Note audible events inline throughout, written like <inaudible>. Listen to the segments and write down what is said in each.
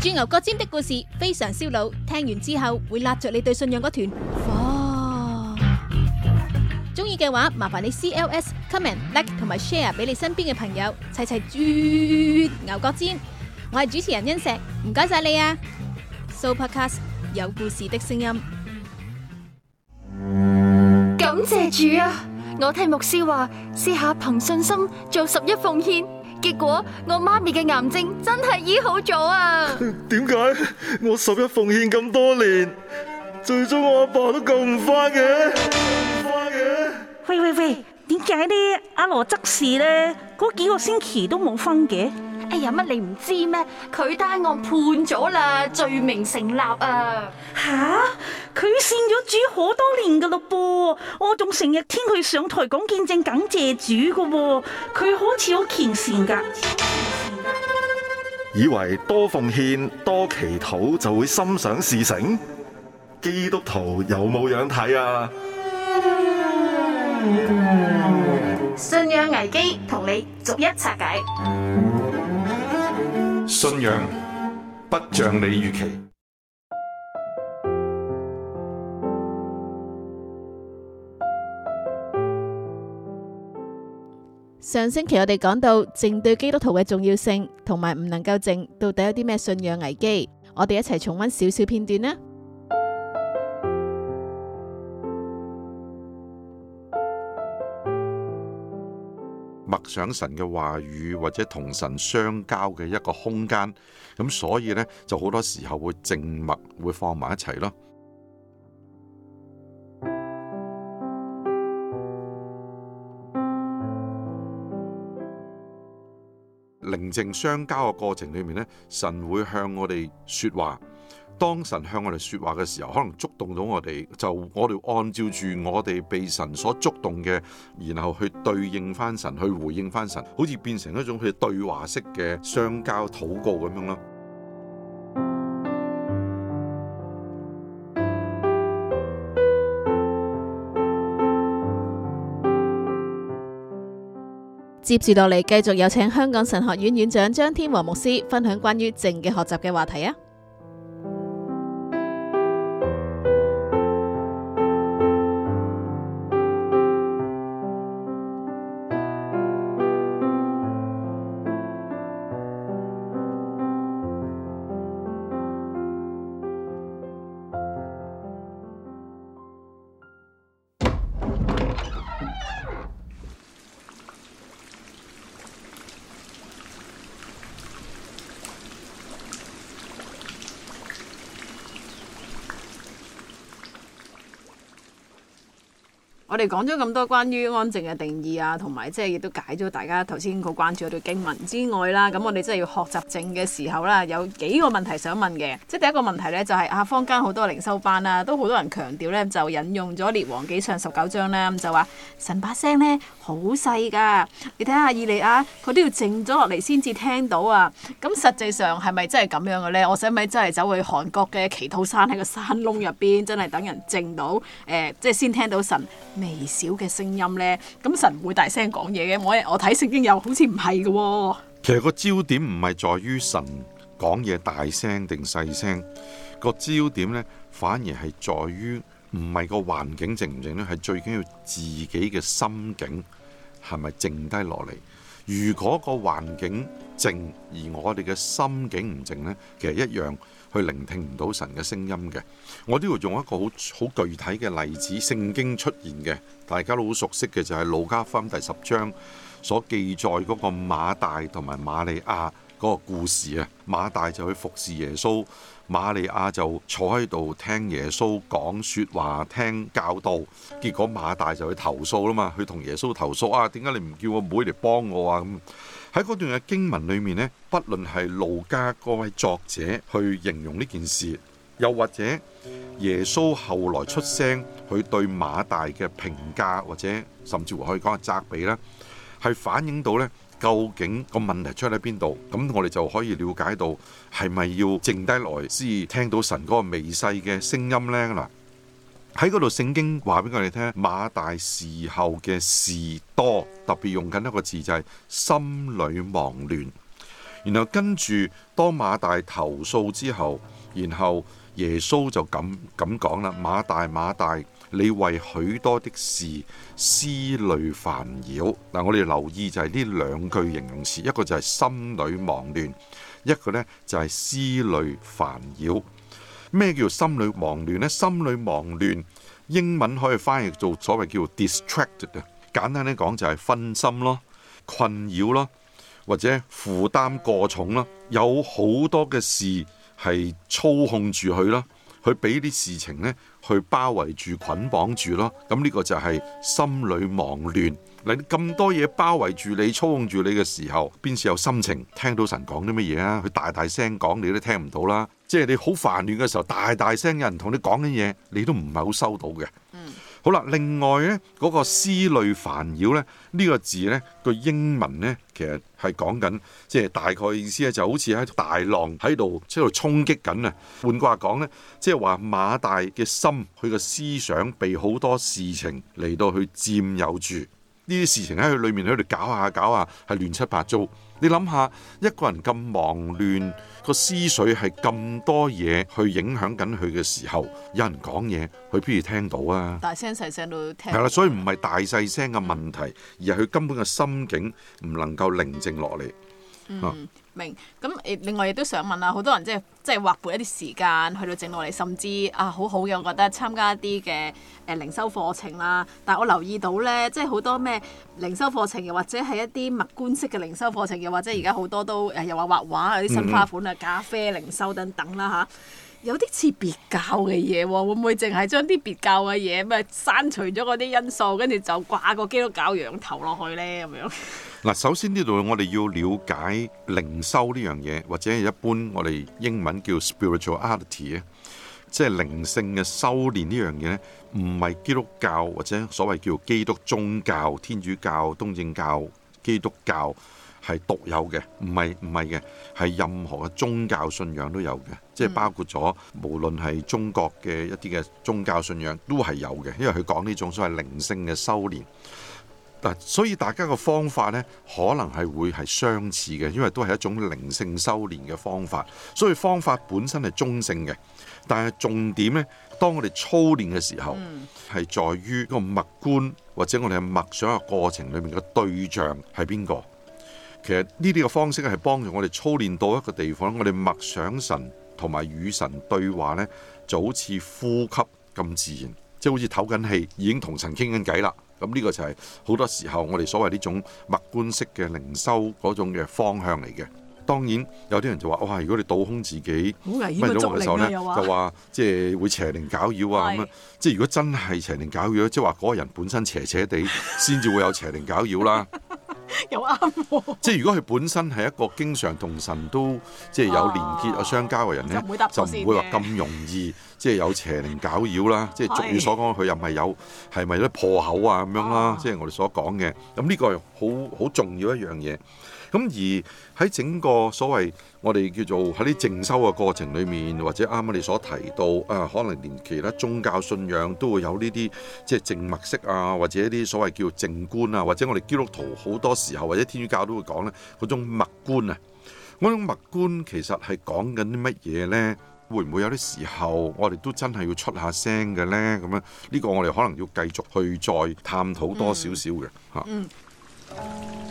鑽牛角尖的故事非常燒腦，聽完之後會立着你對信仰嗰團火。中意嘅話，麻煩你 C L S comment like 同埋 share 俾你身邊嘅朋友，齊齊鑽牛角尖。我係主持人恩石，唔該曬你啊！Sooopodcast 有故事的聲音，感謝主啊！我聽牧師話，試下憑信心做十一奉獻。結果我媽咪嘅癌症真係醫好咗啊！點解我十一奉獻咁多年，最終我阿爸都救唔返嘅？救唔返嘅，喂喂喂，點解呢？阿羅執事咧，幾個星期都冇分嘅？哎呀，乜你唔知咩？佢單案判咗啦，罪名成立啊！吓、啊，佢是。主好多年噶咯噃，我仲成日聽佢上台講見證感謝主噶，佢好似好虔誠噶。以為多奉獻多祈禱就會心想事成，基督徒有冇樣睇啊？信仰危機同你逐一拆解，信仰不像你預期。上星期我哋講到靜對基督徒嘅重要性，同埋唔能夠靜到底有啲咩信仰危機？我哋一齊重溫少少片段啦。默想神嘅話語，或者同神相交嘅一個空間，咁所以呢，就好多時候會靜默，會放埋一齊咯。正相交嘅過程裏面咧，神會向我哋說話。當神向我哋說話嘅時候，可能觸動到我哋，就我哋按照住我哋被神所觸動嘅，然後去對應返神，去回應返神，好似變成一種佢對話式嘅相交禱告咁樣咯。接住落嚟，繼續有請香港神學院院長張天和牧師分享關於靜嘅學習嘅話題啊！我哋講咗咁多關於安靜嘅定義啊，同埋即係亦都解咗大家頭先好關注嗰段經文之外啦。咁我哋真係要學習靜嘅時候啦，有幾個問題想問嘅。即係第一個問題呢，就係、係、啊，坊間好多靈修班啊，都好多人強調呢，就引用咗列王紀上十九章咧，咁就話神把聲呢，好細㗎。你睇下，以利亞佢都要靜咗落嚟先至聽到啊。咁實際上係咪真係咁樣嘅呢？我使唔使真係走去韓國嘅祈禱山喺個山窿入邊，真係等人靜到誒、呃，即係先聽到神？微小嘅聲音咧，咁神唔會大聲講嘢嘅。我我睇聖經又好似唔係嘅。其實個焦點唔係在於神講嘢大聲定細聲，個焦點咧反而係在於唔係個環境靜唔靜咧，係最緊要自己嘅心境係咪靜得落嚟？如果個環境靜，而我哋嘅心境唔靜咧，其實一樣。去聆聽唔到神嘅聲音嘅，我都要用一個好好具體嘅例子，聖經出現嘅，大家都好熟悉嘅就係、是、路加福音第十章所記載嗰個馬大同埋馬利亞嗰個故事啊。馬大就去服侍耶穌，馬利亞就坐喺度聽耶穌講説話、聽教導，結果馬大就去投訴啦嘛，去同耶穌投訴啊，點解你唔叫我妹嚟幫我啊咁？喺嗰段嘅經文裏面咧，不論係路加嗰位作者去形容呢件事，又或者耶穌後來出聲去對馬大嘅評價，或者甚至乎可以講係責備啦，係反映到咧，究竟個問題出喺邊度？咁我哋就可以了解到係咪要靜低來先聽到神嗰個微細嘅聲音咧嗱？喺嗰度，聖經話俾我哋聽，馬大伺候嘅事多，特別用緊一個字就係心裏忙亂。然後跟住，當馬大投訴之後，然後耶穌就咁咁講啦：馬大，馬大，你為許多的事思慮煩擾。嗱，我哋留意就係呢兩句形容詞，一個就係心裏忙亂，一個呢就係思慮煩擾。咩叫心裏忙亂咧？心裏忙亂，英文可以翻譯做所謂叫 distracted 啊。簡單啲講，就係分心咯、困擾咯，或者負擔過重啦。有好多嘅事係操控住佢啦，佢俾啲事情呢去包圍住、捆綁住咯。咁、這、呢個就係心裏忙亂。你咁多嘢包圍住你、操控住你嘅時候，邊時有心情聽到神講啲乜嘢啊？佢大大聲講，你都聽唔到啦。即係你好煩亂嘅時候，大大聲有人同你講緊嘢，你都唔係好收到嘅。嗯，好啦，另外呢，嗰個思慮煩擾呢，呢個字呢，個英文呢，其實係講緊即係大概意思咧，就好似喺大浪喺度喺度衝擊緊啊。換句話講呢，即係話馬大嘅心，佢個思想被好多事情嚟到去佔有住。呢啲事情喺佢裏面喺度搞下搞下，係亂七八糟。你諗下，一個人咁忙亂，個思緒係咁多嘢去影響緊佢嘅時候，有人講嘢，佢邊度聽到啊？大聲細聲都聽，啊。係啦，所以唔係大細聲嘅問題，嗯、而係佢根本嘅心境唔能夠寧靜落嚟。嗯。啊明，咁誒，另外亦都想問啦，好多人即係即係劃撥一啲時間去到整落嚟，甚至啊好好嘅，我覺得參加一啲嘅誒靈修課程啦。但係我留意到咧，即係好多咩靈修課程，又或者係一啲默觀式嘅靈修課程，又或者而家好多都誒、呃、又話畫畫有啲新花款啊、嗯嗯、咖啡靈修等等啦吓，有啲似別教嘅嘢喎，會唔會淨係將啲別教嘅嘢咪刪除咗嗰啲因素，跟住就掛個基督教羊頭落去咧咁樣？ <laughs> 嗱，首先呢度我哋要了解靈修呢樣嘢，或者係一般我哋英文叫 spirituality 啊，即係靈性嘅修練呢樣嘢咧，唔係基督教或者所謂叫基督宗教、天主教、東正教、基督教係獨有嘅，唔係唔係嘅，係任何嘅宗教信仰都有嘅，即係包括咗無論係中國嘅一啲嘅宗教信仰都係有嘅，因為佢講呢種所謂靈性嘅修練。所以大家嘅方法呢，可能係會係相似嘅，因為都係一種靈性修練嘅方法。所以方法本身係中性嘅，但係重點呢，當我哋操練嘅時候，係、嗯、在於個默觀或者我哋嘅默想嘅過程裏面嘅對象係邊個？其實呢啲嘅方式咧，係幫助我哋操練到一個地方，我哋默想神同埋與神對話呢，就好似呼吸咁自然，即係好似唞緊氣，已經同神傾緊偈啦。咁呢、嗯這個就係好多時候我哋所謂呢種默觀式嘅靈修嗰種嘅方向嚟嘅。當然有啲人就話：哇，如果你倒空自己，乜都唔受咧，說就話即係會邪靈搞擾啊咁樣。即係如果真係邪靈搞擾，即係話嗰個人本身邪邪地，先至 <laughs> 會有邪靈搞擾啦。 <laughs> <laughs> 又啱喎、啊！ <laughs> 即係如果佢本身係一個經常同神都即係有連結啊哇相交嘅人咧，就唔會搭線嘅，就唔會話咁容易 <laughs> 即係有邪靈搞擾啦。 <laughs> 即係俗語所講，佢又唔係有係咪有啲破口啊咁樣啦、啊。啊、即係我哋所講嘅，咁呢個係好好重要一樣嘢。咁而喺整個所謂我哋叫做喺啲靜修嘅過程裏面，或者啱啱你所提到，誒可能連其他宗教信仰都會有呢啲即係靜默式啊，或者一啲所謂叫靜觀啊，或者我哋基督徒好多時候或者天主教都會講呢嗰種默觀啊，嗰種默觀其實係講緊啲乜嘢呢？會唔會有啲時候我哋都真係要出下聲嘅呢？咁樣呢個我哋可能要繼續去再探討多少少嘅嚇、嗯。嗯嗯。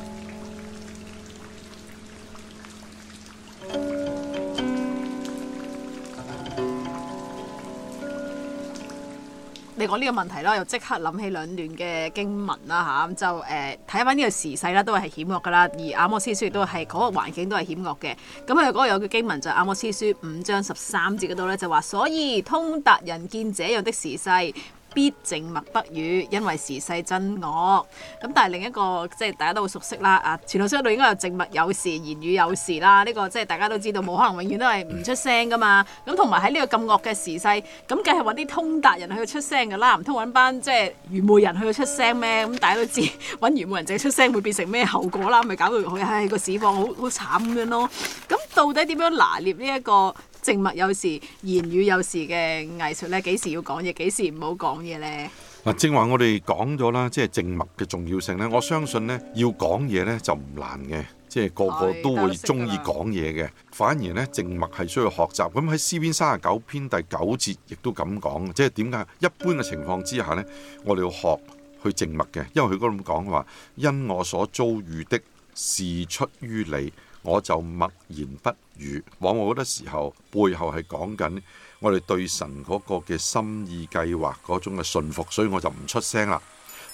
你講呢個問題啦，又即刻諗起兩段嘅經文啦吓，咁、啊、就誒睇返呢個時勢啦，都係係險惡噶啦，而阿摩司書亦都係嗰個環境都係險惡嘅。咁佢嗰個有個經文就阿摩司書五章十三節嗰度咧，就話所以通達人見這樣的時勢。必靜默不語，因為時勢真惡。咁但係另一個即係大家都好熟悉啦。啊，傳道書嗰度應該有靜默有時，言語有時啦。呢個即係大家都知道，冇可能永遠都係唔出聲噶嘛。咁同埋喺呢個咁惡嘅時勢，咁梗係揾啲通達人去出聲噶啦。唔通揾班即係愚昧人去出聲咩？咁大家都知揾愚昧人淨出聲會變成咩後果啦。咪搞到佢唉個市況好好慘咁樣咯。咁到底點樣拿捏呢一個，靜默有時，言語有時嘅藝術呢，幾時要講嘢，幾時唔好講嘢呢？嗱，正話我哋講咗啦，即係靜默嘅重要性咧。我相信呢，要講嘢呢就唔難嘅，即係個個都會中意講嘢嘅。反而呢，靜默係需要學習。咁喺詩篇三十九篇第九節亦都咁講，即係點解？一般嘅情況之下呢，我哋要學去靜默嘅，因為佢嗰度咁講，話「因我所遭遇的事出於你。」我就默言不語，往往好多時候背後係講緊我哋對神嗰個嘅心意計劃嗰種嘅信服，所以我就唔出聲啦。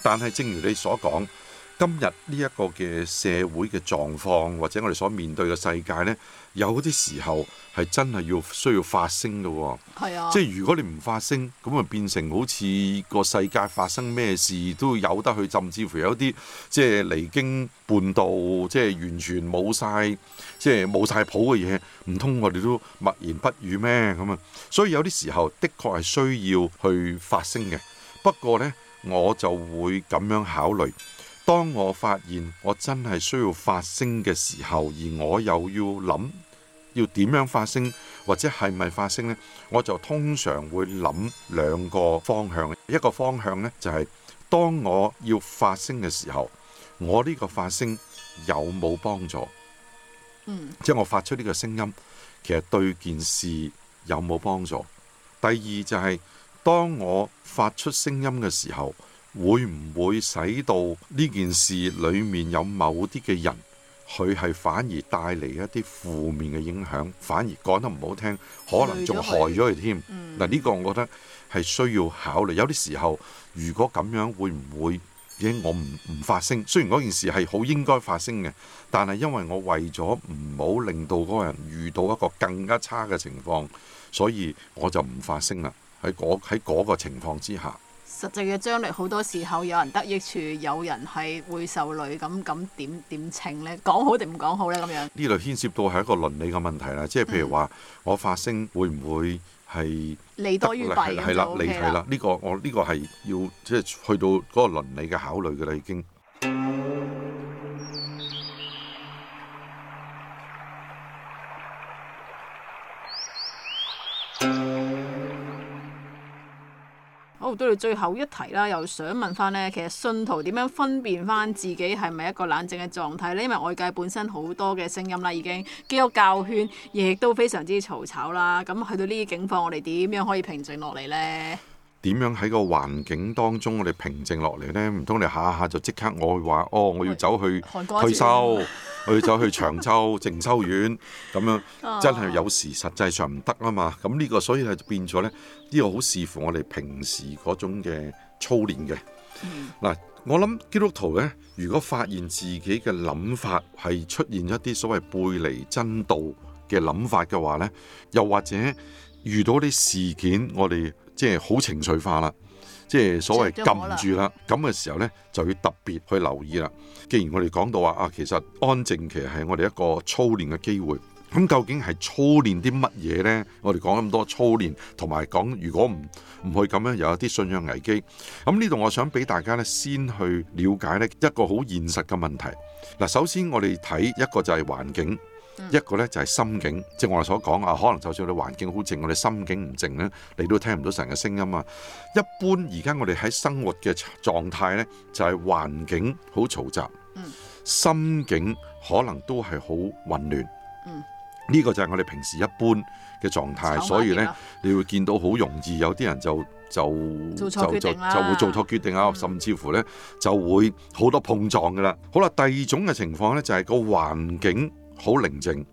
但係正如你所講，今日呢一個嘅社會嘅狀況，或者我哋所面對嘅世界咧。有啲時候係真係要需要發聲嘅、哦，啊、即係如果你唔發聲，咁啊變成好似個世界發生咩事都有得去，甚至乎有啲即係離經叛道，即係完全冇晒，即係冇晒譜嘅嘢，唔通我哋都默言不語咩咁啊？所以有啲時候的確係需要去發聲嘅。不過呢，我就會咁樣考慮，當我發現我真係需要發聲嘅時候，而我又要諗，要點樣發聲，或者係咪發聲呢？我就通常會諗兩個方向。一個方向呢，就係當我要發聲嘅時候，我呢個發聲有冇幫助？嗯，即係我發出呢個聲音，其實對件事有冇幫助？第二就係當我發出聲音嘅時候，會唔會使到呢件事裡面有某啲嘅人？佢係反而帶嚟一啲負面嘅影響，反而講得唔好聽，可能仲害咗佢添嗱。呢、嗯、個我覺得係需要考慮，有啲時候，如果咁樣會唔會嘅我唔唔發聲？雖然嗰件事係好應該發聲嘅，但係因為我為咗唔好令到嗰個人遇到一個更加差嘅情況，所以我就唔發聲啦。喺嗰喺嗰個情況之下。實際嘅將來好多時候，有人得益處，有人係會受累，咁咁點點稱呢？講好定唔講好呢？咁樣呢度牽涉到係一個倫理嘅問題啦，即係譬如話我發聲會唔會係利多於弊？係啦，你係啦，呢、這個我呢、這個係要即係去到嗰個倫理嘅考慮㗎啦，已經。到到最後一題啦，又想問翻咧，其實信徒點樣分辨翻自己係咪一個冷靜嘅狀態咧？因為外界本身好多嘅聲音啦，已經基督教圈亦都非常之嘈吵啦。咁去到呢啲境況，我哋點樣可以平靜落嚟咧？點樣喺個環境當中，我哋平靜落嚟呢？唔通你下下就即刻我會話哦，我要走去退休，我要走去長洲靜修院咁樣，真係有時實際上唔得啊嘛！咁呢個所以係變咗呢，呢、呢個好視乎我哋平時嗰種嘅操練嘅。嗱、嗯，我諗基督徒呢，如果發現自己嘅諗法係出現一啲所謂背離真道嘅諗法嘅話呢，又或者遇到啲事件，我哋即係好情緒化啦，即係所謂撳住啦，咁嘅時候呢，就要特別去留意啦。既然我哋講到話啊，其實安靜其實係我哋一個操練嘅機會，咁究竟係操練啲乜嘢呢？我哋講咁多操練，同埋講如果唔唔去咁樣，有一啲信仰危機。咁呢度我想俾大家咧，先去了解呢一個好現實嘅問題。嗱，首先我哋睇一個就係環境。嗯、一個咧就係、是、心境，即我哋所講啊。可能就算你環境好靜，我哋心境唔靜咧，你都聽唔到神嘅聲音啊。一般而家我哋喺生活嘅狀態咧，就係、是、環境好嘈雜，心境可能都係好混亂。呢、嗯、個就係我哋平時一般嘅狀態，所以咧你會見到好容易有啲人就就就就就做錯決定啊，定嗯、甚至乎咧就會好多碰撞噶啦。好啦，第二種嘅情況咧就係、是、個環境，好寧靜，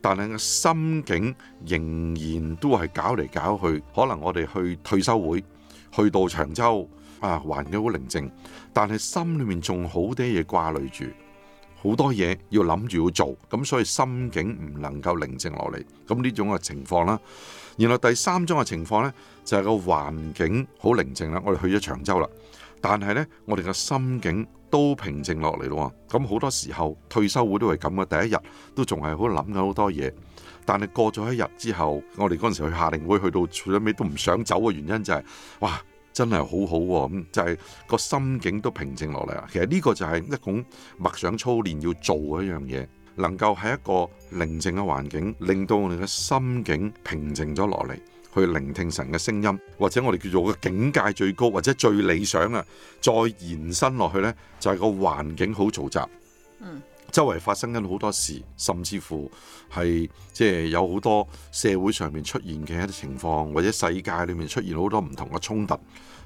但係個心境仍然都係搞嚟搞去。可能我哋去退休會，去到長洲啊，環境好寧靜，但係心裏面仲好多嘢掛慮住，好多嘢要諗住要做，咁所以心境唔能夠寧靜落嚟。咁呢種嘅情況啦。然後第三種嘅情況呢，就係個環境好寧靜啦，我哋去咗長洲啦，但係呢，我哋嘅心境，都平靜落嚟咯，咁好多時候退休會都係咁嘅，第一日都仲係好諗緊好多嘢，但係過咗一日之後，我哋嗰陣時去夏令會去到最尾都唔想走嘅原因就係，哇，真係好好喎，咁就係個心境都平靜落嚟啦。其實呢個就係一種默想操練要做嘅一樣嘢，能夠喺一個寧靜嘅環境，令到我哋嘅心境平靜咗落嚟。去聆聽神嘅聲音，或者我哋叫做個境界最高，或者最理想啊，再延伸落去呢，就係、是、個環境好嘈雜，嗯、周圍發生緊好多事，甚至乎係即係有好多社會上面出現嘅一啲情況，或者世界裏面出現好多唔同嘅衝突，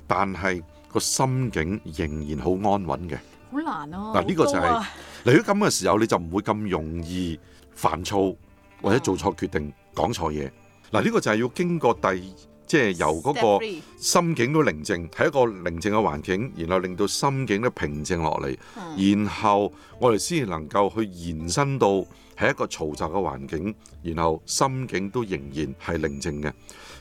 但係個心境仍然好安穩嘅，好難咯、啊。嗱呢、啊這個就係、是、嚟、啊、到咁嘅時候，你就唔會咁容易煩躁，或者做錯決定，講錯嘢。嗱，呢個就係要經過第，即係由嗰個心境都寧靜，係一個寧靜嘅環境，然後令到心境都平靜落嚟，然後我哋先能夠去延伸到係一個嘈雜嘅環境，然後心境都仍然係寧靜嘅。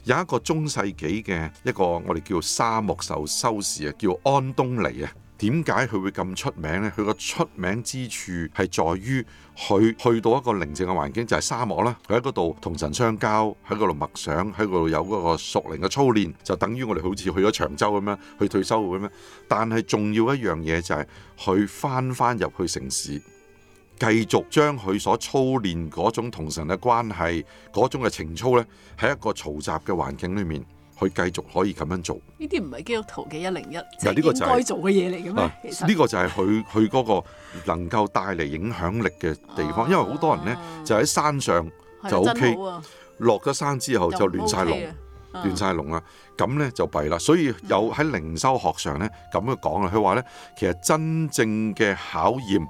有一個中世紀嘅一個我哋叫沙漠修修士啊，叫安東尼啊。點解佢會咁出名呢？佢個出名之處係在於。佢去到一個寧靜嘅環境就係、是、沙漠啦，佢喺嗰度同神相交，喺嗰度默想，喺嗰度有嗰個屬靈嘅操練，就等於我哋好似去咗長洲咁樣去退休咁樣，但係重要一樣嘢就係佢翻翻入去城市，繼續將佢所操練嗰種同神嘅關係嗰種嘅情操咧，喺一個嘈雜嘅環境裏面。佢繼續可以咁樣做，呢啲唔係基督徒嘅一零一，即係應該做嘅嘢嚟噶嘛？呢個就係佢佢嗰個能夠帶嚟影響力嘅地方，因為好多人呢、啊、就喺山上就 OK，落咗山之後就亂晒龍，亂晒龍啊！咁了、啊、呢就弊啦。所以有喺靈修學上呢咁樣講啊，佢話呢其實真正嘅考驗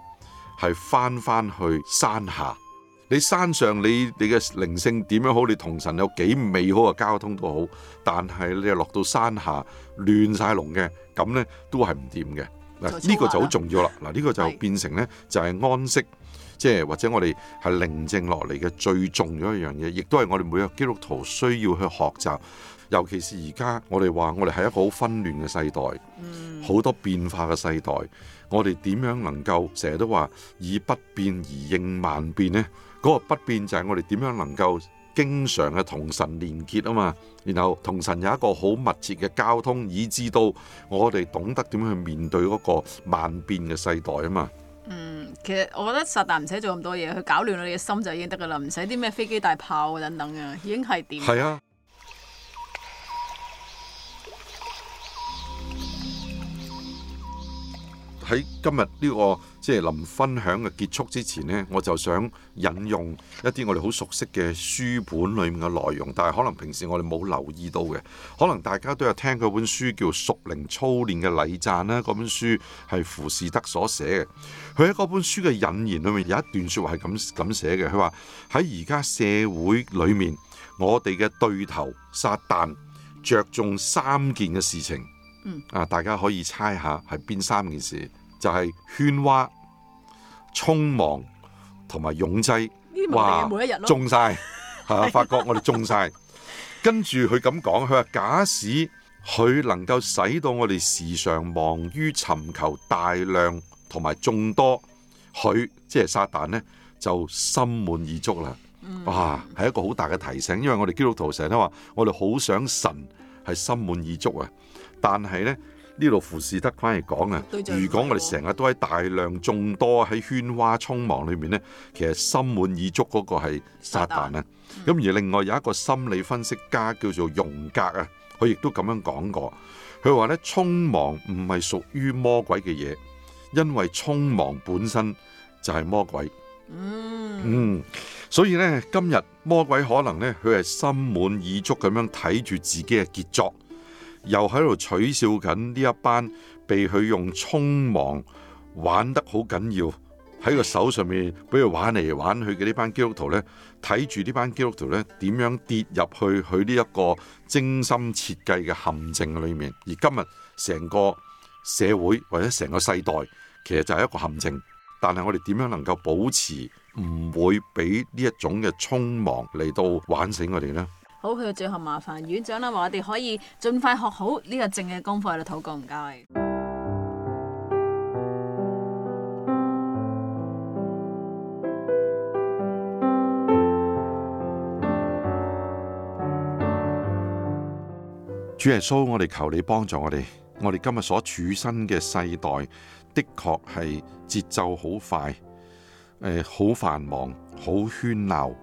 係返返去山下。你山上你你嘅靈性點樣好，你同神有幾美好嘅交通都好，但係你又落到山下亂晒龍嘅，咁呢，都係唔掂嘅嗱。呢個就好重要啦嗱，呢個就變成呢，就係、是、安息，即係是或者我哋係寧靜落嚟嘅最重要一樣嘢，亦都係我哋每一個基督徒需要去學習。尤其是而家我哋話我哋係一個好紛亂嘅世代，好、嗯、多變化嘅世代，我哋點樣能夠成日都話以不變而應萬變呢？嗰個不變就係我哋點樣能夠經常嘅同神連結啊嘛，然後同神有一個好密切嘅交通，以致到我哋懂得點樣去面對嗰個萬變嘅世代啊嘛。嗯，其實我覺得撒旦唔使做咁多嘢，佢搞亂我哋嘅心就已經得噶啦，唔使啲咩飛機大炮等等啊，已經係點？係啊。喺今日呢、這個即係臨分享嘅結束之前呢，我就想引用一啲我哋好熟悉嘅書本裏面嘅內容，但係可能平時我哋冇留意到嘅，可能大家都有聽佢本書叫《屬靈操練》嘅禮讚啦、啊。本書係傅士德所寫嘅，佢喺嗰本書嘅引言裏面有一段説話係咁咁寫嘅。佢話喺而家社會裏面，我哋嘅對頭撒旦着重三件嘅事情。啊、嗯，大家可以猜下係邊三件事？就係喧嘩、匆忙同埋擁擠，哇！每一日咯，中晒，係啊，了 <laughs> 發覺我哋中晒， <laughs> 跟住佢咁講，佢話假使佢能夠使到我哋時常忙於尋求大量同埋眾多，佢即係撒旦呢，就心滿意足啦。哇！係一個好大嘅提醒，因為我哋基督徒成日都話，我哋好想神係心滿意足啊，但係呢。呢度傅士德反嚟講啊，最如果我哋成日都喺大量眾多，喺喧嘩匆忙裏面呢，其實心滿意足嗰個係撒旦啊！咁旦、嗯、而另外有一個心理分析家叫做容格啊，佢亦都咁樣講過，佢話呢，匆忙唔係屬於魔鬼嘅嘢，因為匆忙本身就係魔鬼。嗯，嗯，所以呢，今日魔鬼可能呢，佢係心滿意足咁樣睇住自己嘅傑作。又喺度取笑緊呢一班被佢用匆忙玩得好緊要喺個手上面，俾佢玩嚟玩去嘅呢班基督徒呢，睇住呢班基督徒呢，點樣跌入去佢呢一個精心設計嘅陷阱裏面。而今日成個社會或者成個世代其實就係一個陷阱。但係我哋點樣能夠保持唔會俾呢一種嘅匆忙嚟到玩死我哋呢？好，去到最後麻煩院長啦，話我哋可以盡快學好呢個靜嘅功課啦，禱告唔該。主耶穌，我哋求你幫助我哋，我哋今日所處身嘅世代，的確係節奏好快，誒、呃，好繁忙，好喧鬧。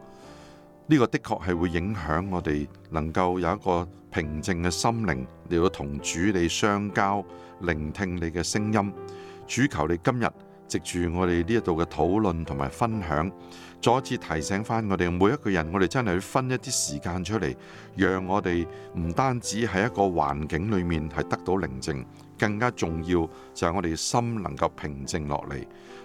呢個的確係會影響我哋能夠有一個平靜嘅心靈，嚟到同主你相交，聆聽你嘅聲音。主求你今日藉住我哋呢一度嘅討論同埋分享，再一次提醒翻我哋每一個人，我哋真係分一啲時間出嚟，讓我哋唔單止喺一個環境裏面係得到寧靜，更加重要就係我哋心能夠平靜落嚟，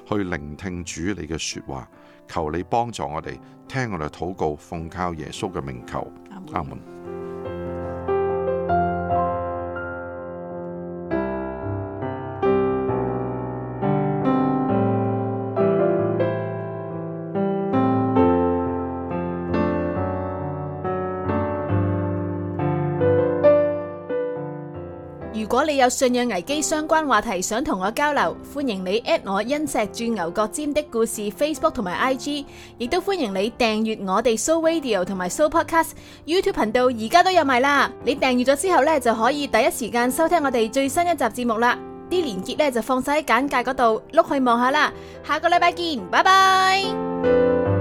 去聆聽主你嘅説話。求你幫助我哋，聽我哋禱告，奉靠耶穌嘅名求，阿門們。阿門。你有信仰危機相關話題想同我交流，歡迎你 at 我《恩石鑽牛角尖的故事》Facebook 同埋 IG，亦都歡迎你訂閱我哋 Show Radio 同埋 Show Podcast YouTube 頻道，而家都有埋啦。你訂閱咗之後呢，就可以第一時間收聽我哋最新一集節目啦。啲連結呢，就放晒喺簡介嗰度，碌去望下啦。下個禮拜見，拜拜。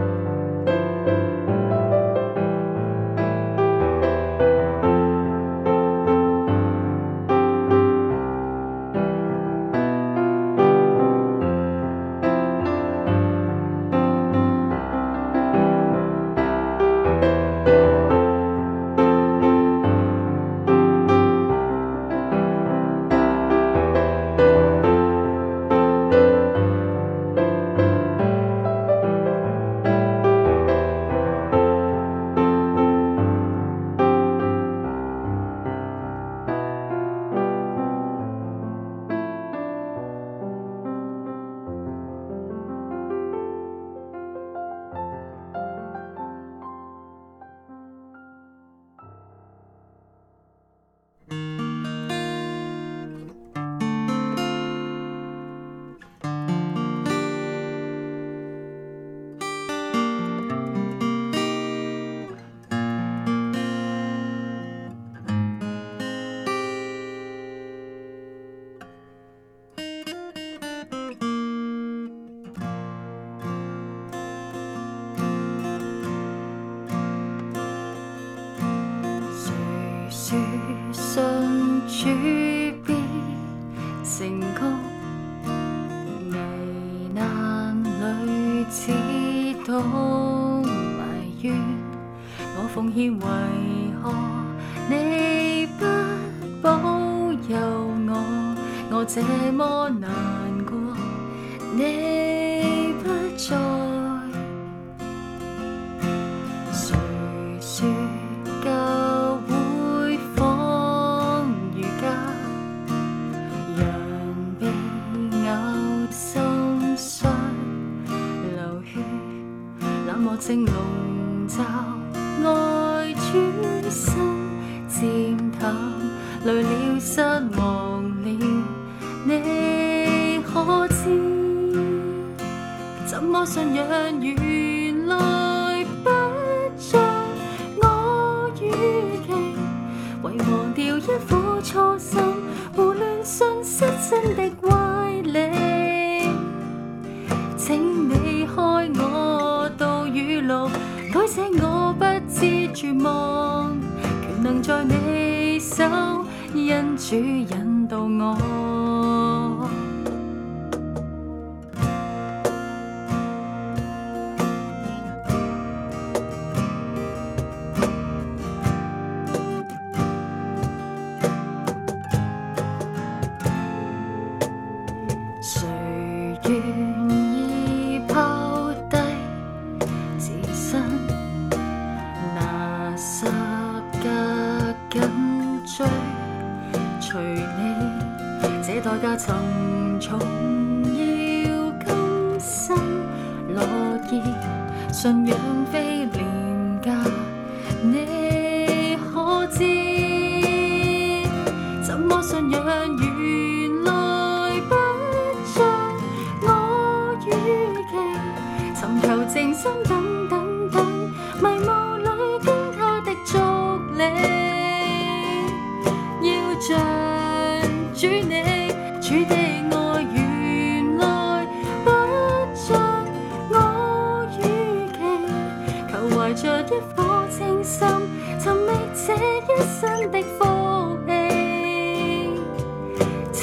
成功危難裏，只懂埋怨我奉獻，為何你不保佑我，我這麼難。怎麼信仰原來不像我預期，為忘掉一副初心，胡亂信失真的歪理。請你開我道與路，改寫我不知絕望，權能在你手，因主引導我。代價沉重要今生落葉，信仰飛。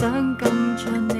想跟著你。